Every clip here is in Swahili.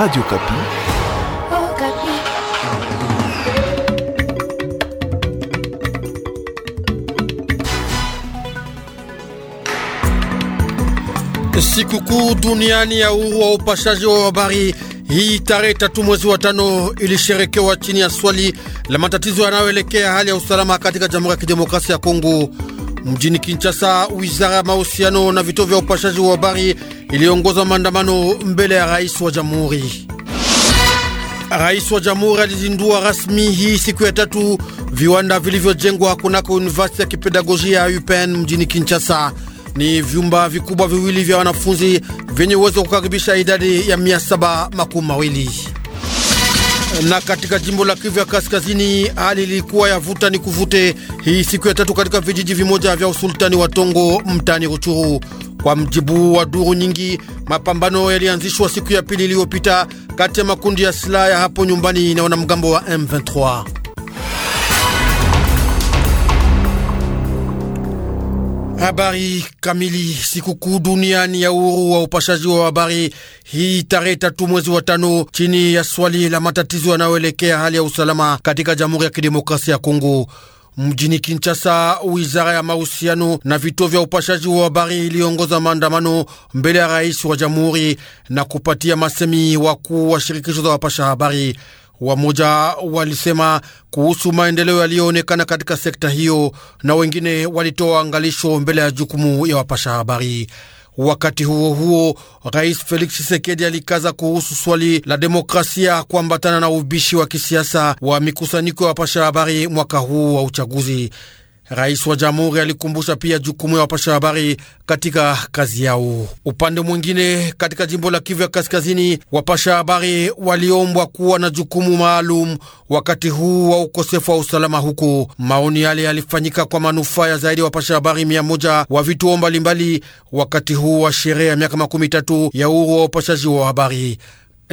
Radio Kapi. Oh, Kapi. Sikukuu duniani ya uhuru wa upashaji wa habari hii tarehe tatu mwezi wa tano ilisherekewa chini ya swali la matatizo yanayoelekea hali ya usalama katika Jamhuri ya Kidemokrasia ya Kongo. Mjini Kinshasa, wizara ya mahusiano na vituo vya upashaji wa habari iliongoza maandamano mbele ya rais wa jamhuri. Rais wa jamhuri alizindua rasmi hii siku ya tatu viwanda vilivyojengwa kunako university ya kipedagogia ya UPN mjini Kinshasa. Ni vyumba vikubwa viwili vya wanafunzi vyenye uwezo wa kukaribisha idadi ya mia saba makumi mawili. Na katika jimbo la Kivu ya Kaskazini, hali ilikuwa ya vuta ni kuvute hii siku ya tatu katika vijiji vimoja vya usultani wa Tongo mtaani Ruchuru. Kwa mjibu wa duru nyingi, mapambano yalianzishwa siku ya pili iliyopita kati ya makundi ya silaha ya hapo nyumbani na wanamgambo wa M23. Habari kamili. Sikukuu duniani ya uhuru wa upashaji wa habari hii tarehe tatu mwezi wa tano, chini ya swali la matatizo yanayoelekea hali ya usalama katika Jamhuri ya Kidemokrasia ya Kongo. Mjini Kinshasa, wizara ya mahusiano na vituo vya upashaji wa habari iliongoza maandamano mbele ya rais wa jamhuri na kupatia masemi wakuu wa shirikisho za wapasha habari. Wamoja walisema kuhusu maendeleo yaliyoonekana katika sekta hiyo, na wengine walitoa angalisho mbele ya jukumu ya wapasha habari. Wakati huo huo, Rais Felix Chisekedi alikaza kuhusu swali la demokrasia kuambatana na ubishi wa kisiasa wa mikusanyiko ya wapasha habari mwaka huu wa uchaguzi. Rais wa jamhuri alikumbusha pia jukumu ya wapasha habari katika kazi yao. Upande mwingine, katika jimbo la Kivu ya Kaskazini, wapasha habari waliombwa kuwa na jukumu maalum wakati huu wa ukosefu wa usalama huku Maoni yale yalifanyika kwa manufaa ya zaidi ya wapasha habari mia moja wa vituo mbalimbali wakati huu wa sherehe ya miaka makumi tatu ya uhuru wa upashaji wa habari.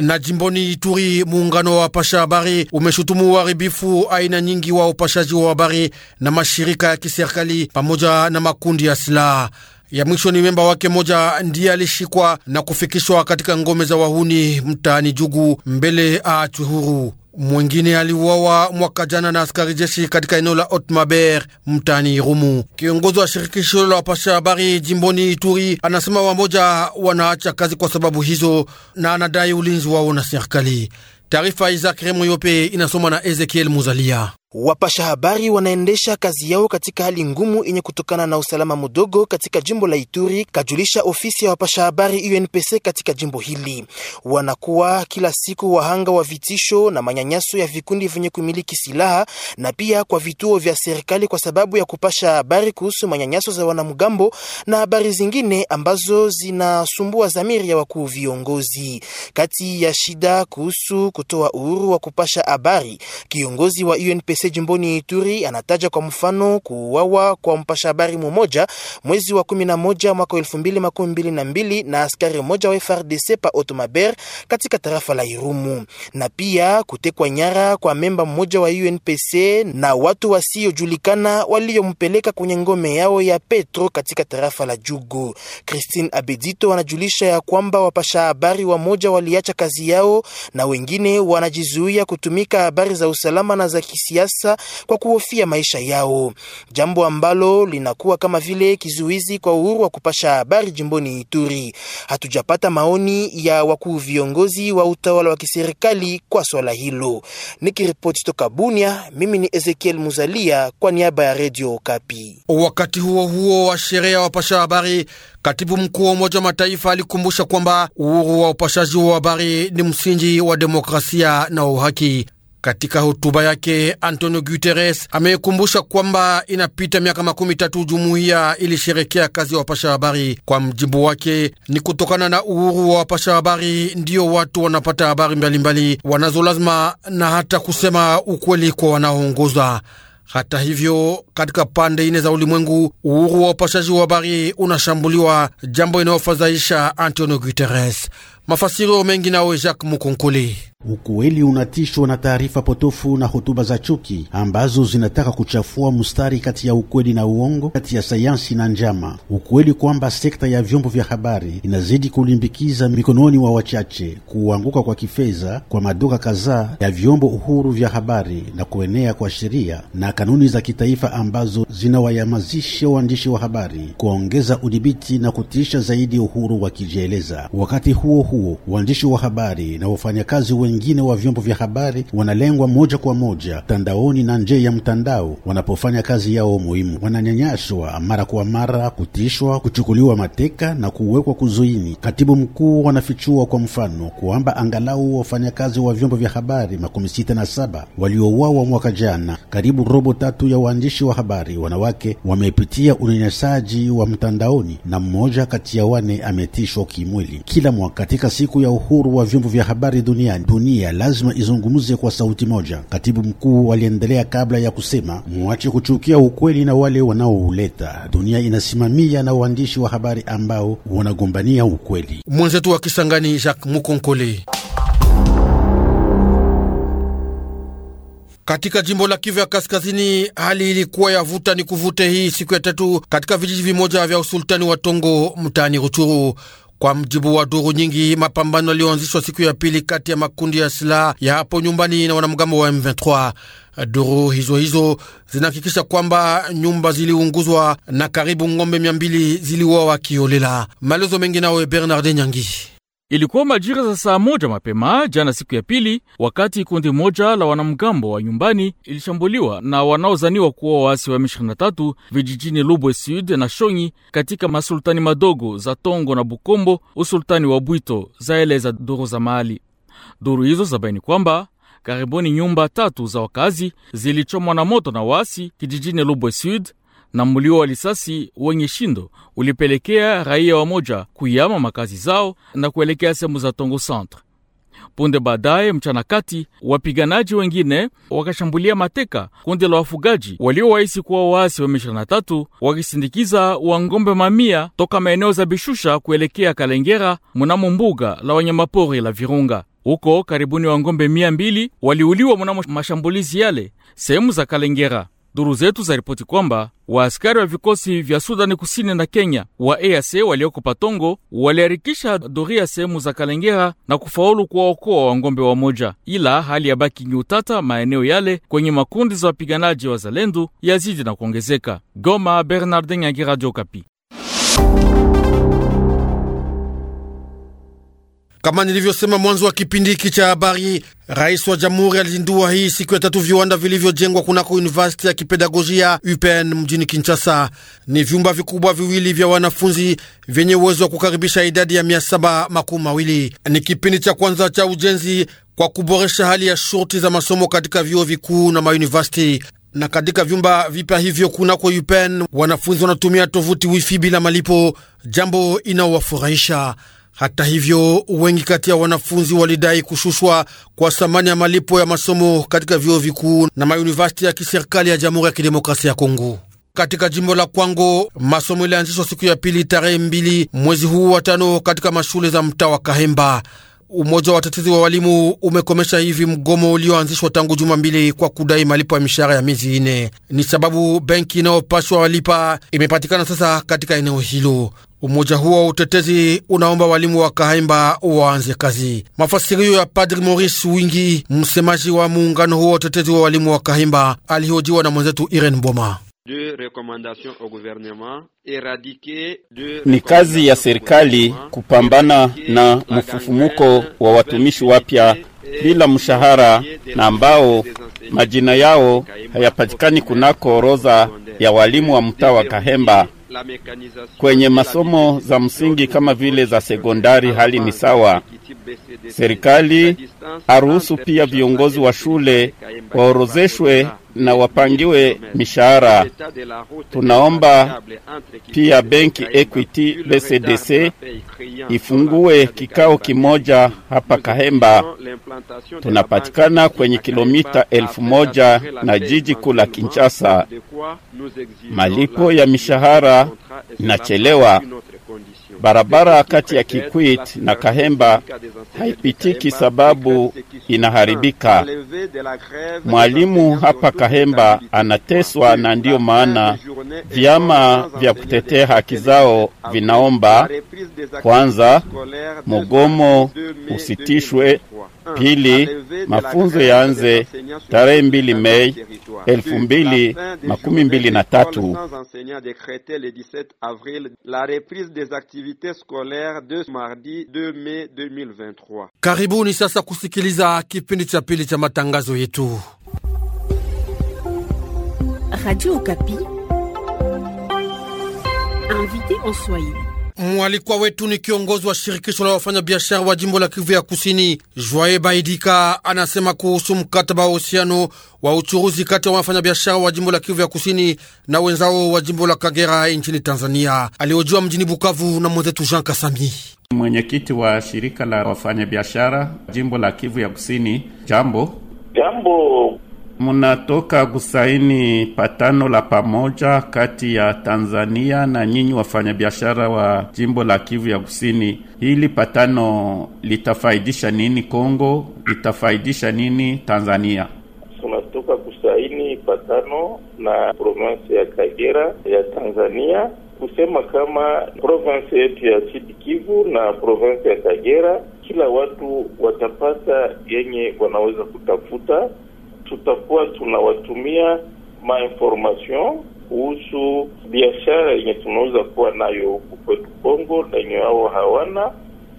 Na jimboni Ituri, muungano wa wapasha habari umeshutumu uharibifu aina nyingi wa upashaji wa habari na mashirika ya kiserikali pamoja na makundi ya silaha. Ya mwisho ni memba wake moja ndiye alishikwa na kufikishwa katika ngome za wahuni mtaani Jugu mbele aachwe huru mwingine aliuawa mwaka jana na askari jeshi katika eneo la Otmaber mtani Irumu. Kiongozi wa shirikisho la wapasha habari jimboni Ituri anasema wamoja wanaacha kazi kwa sababu hizo, na anadai ulinzi wao na serikali. Taarifa Isaac Remo Yope inasoma na Ezekiel Muzalia. Wapasha habari wanaendesha kazi yao katika hali ngumu yenye kutokana na usalama mdogo katika jimbo la Ituri, kajulisha ofisi ya wapasha habari UNPC katika jimbo hili. Wanakuwa kila siku wahanga wa vitisho na manyanyaso ya vikundi vyenye kumiliki silaha na pia kwa vituo vya serikali kwa sababu ya kupasha habari kuhusu manyanyaso za wanamgambo na habari zingine ambazo zinasumbua dhamiri ya wakuu viongozi. Kati ya shida kuhusu kutoa uhuru wa kupasha habari, kiongozi wa UNPC Kaise jimboni Ituri anataja kwa mfano kuuawa kwa mpasha habari mmoja mwezi wa 11 mwaka 2022 na askari mmoja wa FRDC pa Otomaber katika tarafa la Irumu na pia kutekwa nyara kwa memba mmoja wa UNPC na watu wasiojulikana waliompeleka kwenye ngome yao ya Petro katika tarafa la Jugu. Christine Abedito anajulisha ya kwamba wapasha habari wamoja waliacha kazi yao na wengine wanajizuia kutumika habari za usalama na za kisiasa kisiasa kwa kuhofia maisha yao, jambo ambalo linakuwa kama vile kizuizi kwa uhuru wa kupasha habari jimboni Ituri. Hatujapata maoni ya wakuu viongozi wa utawala wa kiserikali kwa swala hilo. Nikiripoti toka Bunia, mimi ni Ezekiel Muzalia kwa niaba ya redio Kapi. Wakati huo huo wa sherehe ya wapasha habari, katibu mkuu wa Umoja wa Mataifa alikumbusha kwamba uhuru wa upashaji wa habari ni msingi wa demokrasia na uhaki. Katika hotuba yake, Antonio Guterres amekumbusha kwamba inapita miaka makumi tatu jumuiya ilisherekea kazi ya wapasha habari. Kwa mjibu wake, ni kutokana na uhuru wa wapasha habari ndiyo watu wanapata habari mbalimbali wanazolazima na hata kusema ukweli kwa wanaoongoza. Hata hivyo, katika pande ine za ulimwengu uhuru wa upashaji wa habari unashambuliwa, jambo inayofadhaisha Antonio Guterres. Mafasirio mengi nawe Jacques Mukonkoli. Ukweli unatishwa na taarifa potofu na hotuba za chuki ambazo zinataka kuchafua mstari kati ya ukweli na uongo, kati ya sayansi na njama. Ukweli kwamba sekta ya vyombo vya habari inazidi kulimbikiza mikononi wa wachache, kuanguka kwa kifedha kwa maduka kadhaa ya vyombo uhuru vya habari na kuenea kwa sheria na kanuni za kitaifa ambazo zinawayamazisha waandishi wa habari, kuongeza udhibiti na kutisha zaidi uhuru wa kujieleza. Wakati huo huo, waandishi wa habari na wafanyakazi wengine wa vyombo vya habari wanalengwa moja kwa moja mtandaoni na nje ya mtandao wanapofanya kazi yao muhimu. Wananyanyashwa mara kwa mara, kutishwa, kuchukuliwa mateka na kuwekwa kuzuini. Katibu mkuu wanafichua kwa mfano kwamba angalau wafanyakazi wa vyombo vya habari makumi sita na saba waliouawa mwaka jana, karibu robo tatu ya waandishi wa habari wanawake wamepitia unyanyasaji wa mtandaoni na mmoja kati ya wane ametishwa kimwili. Kila mwaka katika siku ya uhuru wa vyombo vya habari duniani dunia lazima izungumze kwa sauti moja, katibu mkuu aliendelea kabla ya kusema, mwache kuchukia ukweli na wale wanaouleta. Dunia inasimamia na waandishi wa habari ambao wanagombania ukweli. Mwenzetu wa Kisangani, Jacques Mukonkole. Katika jimbo la Kivu ya Kaskazini, hali ilikuwa ya vuta ni kuvute hii siku ya tatu katika vijiji vimoja vya usultani wa Tongo mtaani Ruchuru. Kwa mjibu wa duru nyingi, mapambano yaliyoanzishwa siku ya pili kati ya makundi ya silaha ya hapo nyumbani na wanamgambo wa M23. Duru hizo hizo zinahakikisha kwamba nyumba ziliunguzwa na karibu ng'ombe mia mbili ziliuawa kiolela. Maelezo mengi nawe Bernard Nyangi. Ilikuwa majira za saa moja mapema jana siku ya pili, wakati kundi moja la wanamgambo wa nyumbani ilishambuliwa na wanaozaniwa kuwa waasi wa M23 vijijini Lubwe Sud na Shonyi katika masultani madogo za Tongo na Bukombo, usultani wa Bwito, zaeleza duru za mahali. Duru hizo zabaini kwamba karibuni nyumba tatu za wakazi zilichomwa na moto na waasi kijijini Lubwe Sud na mlio wa lisasi wenye shindo ulipelekea raia moja kuyama makazi zao na kuelekea sehemu za Tongo Centre. Punde baadaye mchana kati, wapiganaji wengine wakashambulia mateka kundi la wafugaji waliowahisi kuwa waasi wa M23 wakisindikiza wangombe mamia toka maeneo za Bishusha kuelekea Kalengera mnamo mbuga la wanyamapori la Virunga. Huko karibuni wangombe mia mbili waliuliwa mnamo mashambulizi yale sehemu za Kalengera. Duru zetu za ripoti kwamba waaskari wa vikosi vya Sudani Kusini na Kenya wa EAC walioko Patongo waliharikisha doria sehemu za Kalengera na kufaulu kuwaokoa wangombe wa moja, ila hali ya baki ni utata maeneo yale kwenye makundi za wapiganaji wa Zalendu yazidi na kuongezeka. Goma, Bernardin Yangi, Radio Kapi. Kama nilivyosema mwanzo wa kipindi hiki cha habari, rais wa jamhuri alizindua hii siku ya tatu viwanda vilivyojengwa kunako university ya kipedagojia UPN mjini Kinshasa. Ni vyumba vikubwa viwili vya wanafunzi vyenye uwezo wa kukaribisha idadi ya mia saba makumi mawili. Ni kipindi cha kwanza cha ujenzi kwa kuboresha hali ya shurti za masomo katika vyuo vikuu na mauniversiti na katika vyumba vipya hivyo kunako UPN wanafunzi wanatumia tovuti wifi bila malipo, jambo inaowafurahisha. Hata hivyo, wengi kati ya wanafunzi walidai kushushwa kwa thamani ya malipo ya masomo katika vyuo vikuu na mayunivasiti ya kiserikali ya Jamhuri ya Kidemokrasia ya Kongo. Katika jimbo la Kwango masomo ilianzishwa siku ya pili tarehe mbili mwezi huu wa tano katika mashule za mtaa wa Kahemba. Umoja wa watetezi wa walimu umekomesha hivi mgomo ulioanzishwa tangu juma mbili kwa kudai malipo ya mishahara ya miezi ine. Ni sababu benki inayopashwa walipa imepatikana sasa katika eneo hilo. Umoja huo wa utetezi unaomba walimu wa Kahaimba waanze kazi. Mafasirio ya Padri Maurice Wingi, msemaji wa muungano huo wa utetezi wa walimu wa Kahaimba, alihojiwa na mwenzetu Irene Boma. Ni kazi ya serikali kupambana na mfufumuko wa watumishi wapya bila mshahara na ambao majina yao hayapatikani kunako orodha ya walimu wa mtaa wa Kahemba. Kwenye masomo za msingi kama vile za sekondari hali ni sawa. Serikali haruhusu pia viongozi wa shule waorozeshwe na wapangiwe mishahara. Tunaomba pia benki Equity BCDC ifungue kikao kimoja hapa Kahemba. Tunapatikana kwenye kilomita elfu moja na jiji kuu la Kinshasa. Malipo ya mishahara inachelewa. Barabara kati ya Kikwit na Kahemba haipitiki sababu inaharibika. Mwalimu hapa Kahemba anateswa, na ndiyo maana vyama vya kutetea haki zao vinaomba kwanza mgomo usitishwe Pili, mafunzo yaanze tarehe mbili Mei elfu mbili makumi mbili na tatu. Karibuni sasa kusikiliza kipindi cha pili cha matangazo yetu Radio invité en Mwalikwa wetu ni kiongozi wa shirikisho la wafanyabiashara wa jimbo la Kivu ya Kusini, Joae Baidika, anasema kuhusu mkataba wa uhusiano wa uchuruzi kati ya wafanyabiashara wa jimbo la Kivu ya Kusini na wenzao wa jimbo la Kagera nchini Tanzania, aliojua mjini Bukavu na mwenzetu Jean Kasami, mwenyekiti wa shirika la wafanyabiashara jimbo la Kivu ya Kusini. Jambo jambo munatoka kusaini patano la pamoja kati ya Tanzania na nyinyi wafanyabiashara wa jimbo la Kivu ya Kusini. Hili patano litafaidisha nini Kongo? Litafaidisha nini Tanzania? Tunatoka kusaini patano na province ya Kagera ya Tanzania kusema kama province yetu ya Sud Kivu na province ya Kagera, kila watu watapata yenye wanaweza kutafuta tutakuwa tunawatumia mainformation kuhusu biashara yenye tunaweza kuwa nayo huku kwetu Kongo na yenye wao hawana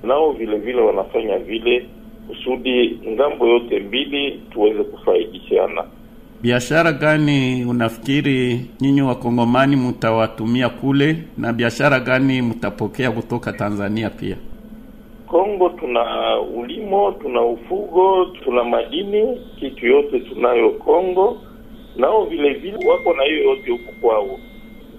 nao vile vile wanafanya vile kusudi ngambo yote mbili tuweze kufaidishana. Biashara gani unafikiri nyinyi wakongomani mutawatumia kule na biashara gani mutapokea kutoka Tanzania pia? Kongo tuna ulimo, tuna ufugo, tuna madini, kitu yote tunayo Kongo. Nao vile vile wako na hiyo yote huku kwao.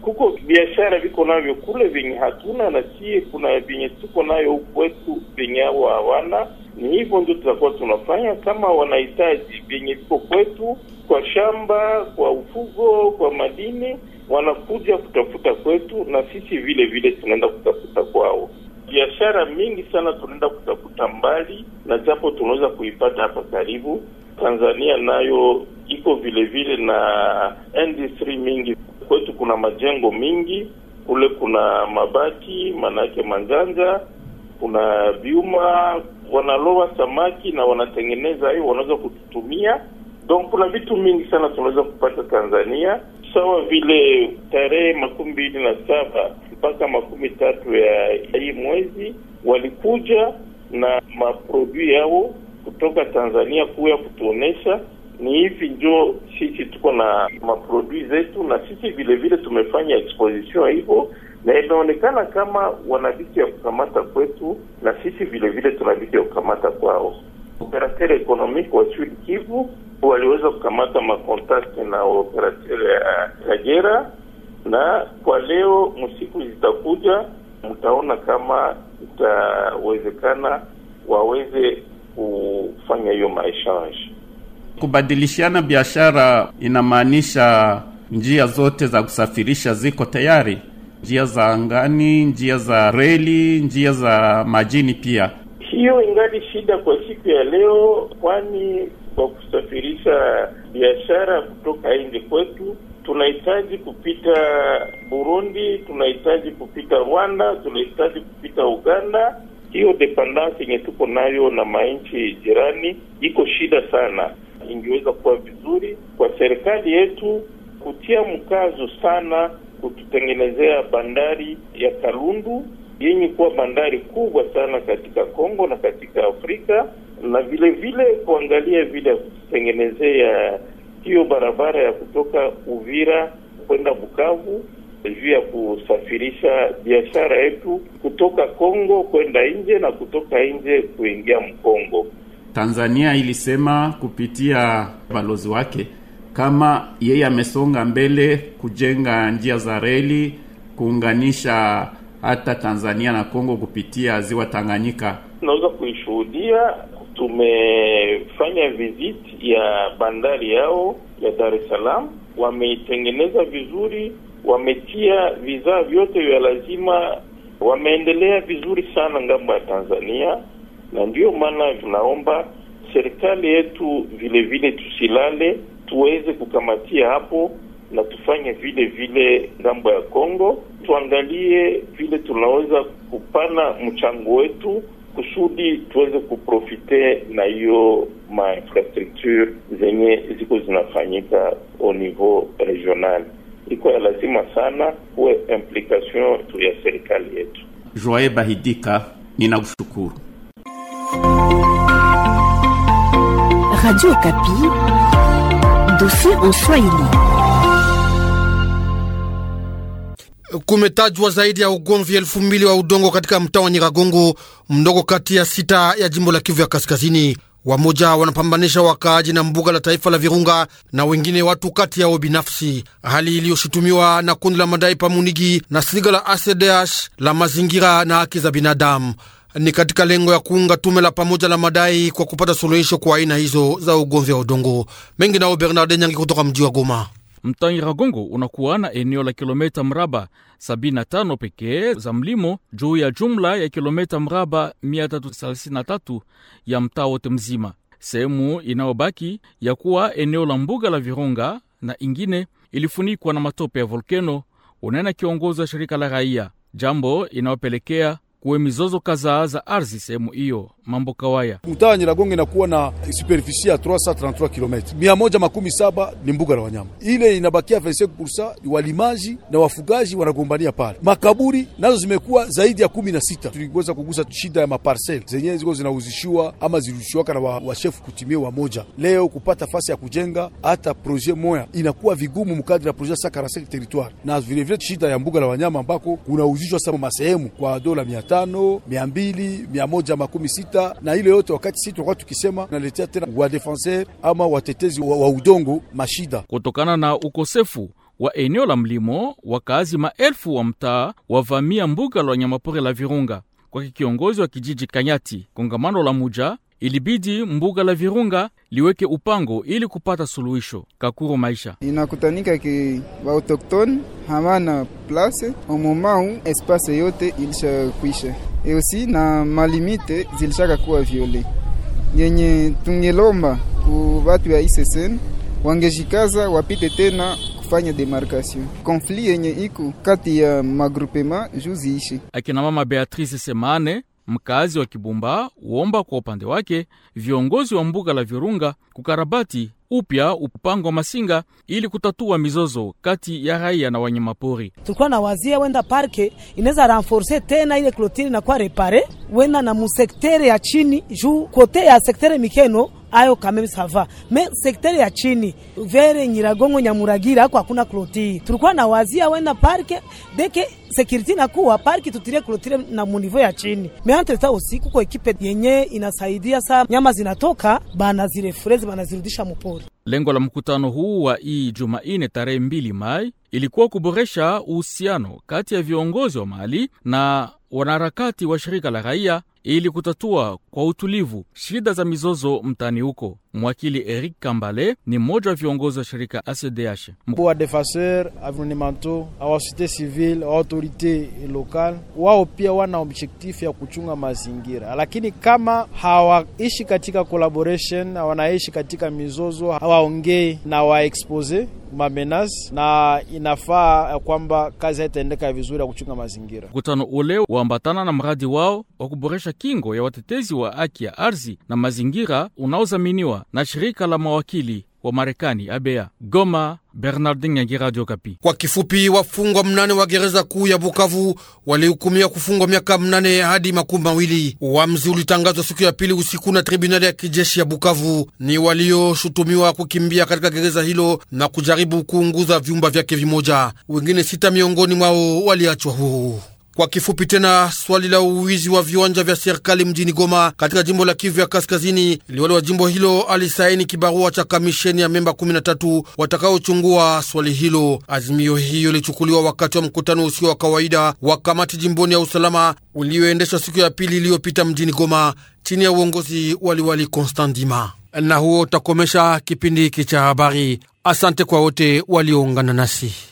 Kuko biashara viko navyo kule vyenye hatuna, na sie kuna vyenye tuko nayo huku kwetu vyenye hao hawana. Ni hivyo ndio tutakuwa tunafanya, kama wanahitaji vyenye viko kwetu kwa shamba, kwa ufugo, kwa madini, wanakuja kutafuta kwetu, na sisi vile vile tunaenda kutafuta kwao biashara mingi sana tunaenda kutafuta mbali, na japo tunaweza kuipata hapa karibu. Tanzania nayo iko vile vile na industry mingi. Kwetu kuna majengo mingi, kule kuna mabati, manake manjanja, kuna vyuma, wanaloa samaki na wanatengeneza hiyo, wanaweza kututumia. Donc kuna vitu mingi sana tunaweza kupata Tanzania, sawa vile tarehe makumi mbili na saba mpaka makumi tatu ya hii mwezi walikuja na maprodui yao kutoka Tanzania kuya kutuonesha ni hivi njo sisi tuko na maprodui zetu, na sisi vile vile tumefanya exposition hivyo, na imeonekana kama wanavitu ya kukamata kwetu, na sisi vile vile tuna vitu ya kukamata kwao. Operateur ekonomike wa Sud Kivu waliweza kukamata makontakti na operateur ya Kagera na kwa leo msiku zitakuja mtaona kama itawezekana waweze kufanya hiyo maeshange. kubadilishana biashara inamaanisha njia zote za kusafirisha ziko tayari, njia za angani, njia za reli, njia za majini pia. Hiyo ingali shida kwa siku ya leo, kwani kwa kusafirisha biashara kutoka nje kwetu tunahitaji kupita Burundi, tunahitaji kupita Rwanda, tunahitaji kupita Uganda. Hiyo dependance yenye tuko nayo na manchi jirani iko shida sana. Ingeweza kuwa vizuri kwa serikali yetu kutia mkazo sana kututengenezea bandari ya Kalundu yenye kuwa bandari kubwa sana katika Kongo na katika Afrika, na vile vile kuangalia vile ya kututengenezea hiyo barabara ya kutoka Uvira kwenda Bukavu juu ya kusafirisha biashara yetu kutoka Kongo kwenda nje na kutoka nje kuingia Mkongo. Tanzania ilisema kupitia balozi wake kama yeye amesonga mbele kujenga njia za reli kuunganisha hata Tanzania na Kongo kupitia ziwa Tanganyika. unaweza kuishuhudia tumefanya viziti ya bandari yao ya Dar es Salaam, wameitengeneza vizuri, wametia vizaa vyote vya lazima, wameendelea vizuri sana ngambo ya Tanzania, na ndiyo maana tunaomba serikali yetu vile vile tusilale, tuweze kukamatia hapo na tufanye vile vile ngambo ya Kongo, tuangalie vile tunaweza kupana mchango wetu kusudi tuweze kuprofite na hiyo mainfrastructure zenye ziko zinafanyika au niveau regional. Iko ya lazima sana kuwe implication ya serikali yetu. Bahidika, Radio Kapi, dossier en kumetajwa zaidi ya ugomvi elfu mbili wa udongo katika mtaa wa Nyiragongo mdogo kati ya sita ya jimbo la Kivu ya Kaskazini. Wamoja wanapambanisha wakaaji na mbuga la taifa la Virunga na wengine watu kati yao binafsi, hali iliyoshutumiwa na kundi la madai Pamunigi na siga la ACDH la mazingira na haki za binadamu. Ni katika lengo ya kuunga tume la pamoja la madai kwa kupata suluhisho kwa aina hizo za ugomvi wa udongo. Mengi nao Bernard Nyangi kutoka mji wa Goma. Mtangi Ragongo unakuwa na eneo la kilometa mraba 75 pekee za mlimo juu ya jumla ya kilometa mraba 333 ya mtaa wote mzima. Sehemu inayobaki ya kuwa eneo la mbuga la Virunga na ingine ilifunikwa na matope ya volkeno, unena kiongozi wa shirika la raia, jambo inayopelekea kuwe mizozo kadhaa za ardhi sehemu hiyo. Mambo kawaya mtaa Nyiragongo inakuwa na superfisi ya 333 km, mia moja makumi saba ni mbuga la wanyama. Ile inabakia 25% walimaji na wafugaji wanagombania pale. Makaburi nazo zimekuwa zaidi ya kumi na sita. Tuliweza kugusa shida ya maparsel zenyewe ziko zinauzishiwa ama zirushiwaka na washefu wa kutimia wamoja. Leo kupata fasi ya kujenga hata proje moya inakuwa vigumu mkadri ya proje sa 45 territoire, na vilevile shida ya mbuga la wanyama ambako kunauzishwa sama masehemu kwa dola mia tano mia mbili mia moja makumi sita na ile yote wakati sisi tulikuwa tukisema naletea tena wa ama watetezi wa, wa udongo mashida kutokana na ukosefu wa eneo la mlimo. Wakaazi maelfu wa mtaa wavamia mbuga la wanyamapori la Virunga. Kwake kiongozi wa kijiji Kanyati, kongamano la muja ilibidi mbuga la Virunga liweke upango ili kupata suluhisho. Kakuru maisha inakutanika ke vaautoktone hamana place omomau espase yote ilishakwisha, eosi na malimite zilishaka kuwa viole yenye tungelomba ku vatu ya isesen wangejikaza wapite tena kufanya demarcation konfli yenye iku kati ya magrupema juziishi. Akina mama Beatrice Semane Mkazi wa Kibumba uomba kwa upande wake viongozi wa mbuga la Virunga kukarabati upya upango wa Masinga ili kutatua mizozo kati ya raia na wanyamapori. Tulikuwa na wazia wenda parke inaweza renforce tena ile klotiri na kwa repare wenda na musektere ya chini juu kote ya sektere Mikeno ayo kameme sava me sekteri ya chini vere Nyiragongo, Nyamuragira hako hakuna kloti Tulikuwa na wazia wenda parke deke security na kuwa parki tutire kulotire na munivo ya chini me entre ta usiku kwa ekipe yenye inasaidia saa nyama zinatoka bana zile frezi bana zirudisha mupori. Lengo la mkutano huu wa ii jumaine tarehe 2 Mai ilikuwa kuboresha uhusiano kati ya viongozi wa Mali na wanaharakati wa shirika la raia ili kutatua kwa utulivu shida za mizozo mtaani huko. Mwakili Eric Kambale ni mmoja wa viongozi wa shirika ACDH. wa defanseur environnementaux awa société civile au autorite lokal, wao pia wana objektifu ya kuchunga mazingira, lakini kama hawaishi katika collaboration, wanaishi katika mizozo, hawaongei na waexpose mamenas na inafaa ya kwamba kazi haitaendeka vizuri ya kuchunga mazingira. Mkutano ule waambatana na mradi wao wa kuboresha kuboresha kingo ya watetezi wa haki ya ardhi na mazingira unaozaminiwa na shirika la mawakili wa Marekani abea Goma. Bernardin Nyangi, Radio Kapi. Kwa kifupi, wafungwa mnane wa gereza kuu ya Bukavu walihukumiwa kufungwa miaka mnane hadi makumi mawili. Uamuzi ulitangazwa siku ya pili usiku na tribunali ya kijeshi ya Bukavu. Ni walioshutumiwa kukimbia katika gereza hilo na kujaribu kuunguza vyumba vyake vimoja. Wengine sita miongoni mwao waliachwa huru. Kwa kifupi tena, swali la uwizi wa viwanja vya serikali mjini Goma katika jimbo la Kivu ya Kaskazini, liwali wa jimbo hilo alisaini kibarua cha kamisheni ya memba 13 watakaochungua swali hilo. Azimio hiyo ilichukuliwa wakati wa mkutano usio wa kawaida wa kamati jimboni ya usalama ulioendeshwa siku ya pili iliyopita mjini Goma chini ya uongozi waliwali Konstantima. Na huo utakomesha kipindi hiki cha habari. Asante kwa wote walioungana nasi.